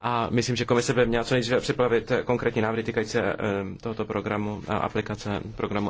A myslím, že komise by měla co nejdříve připravit konkrétní návrhy týkající eh, tohoto programu a aplikace programu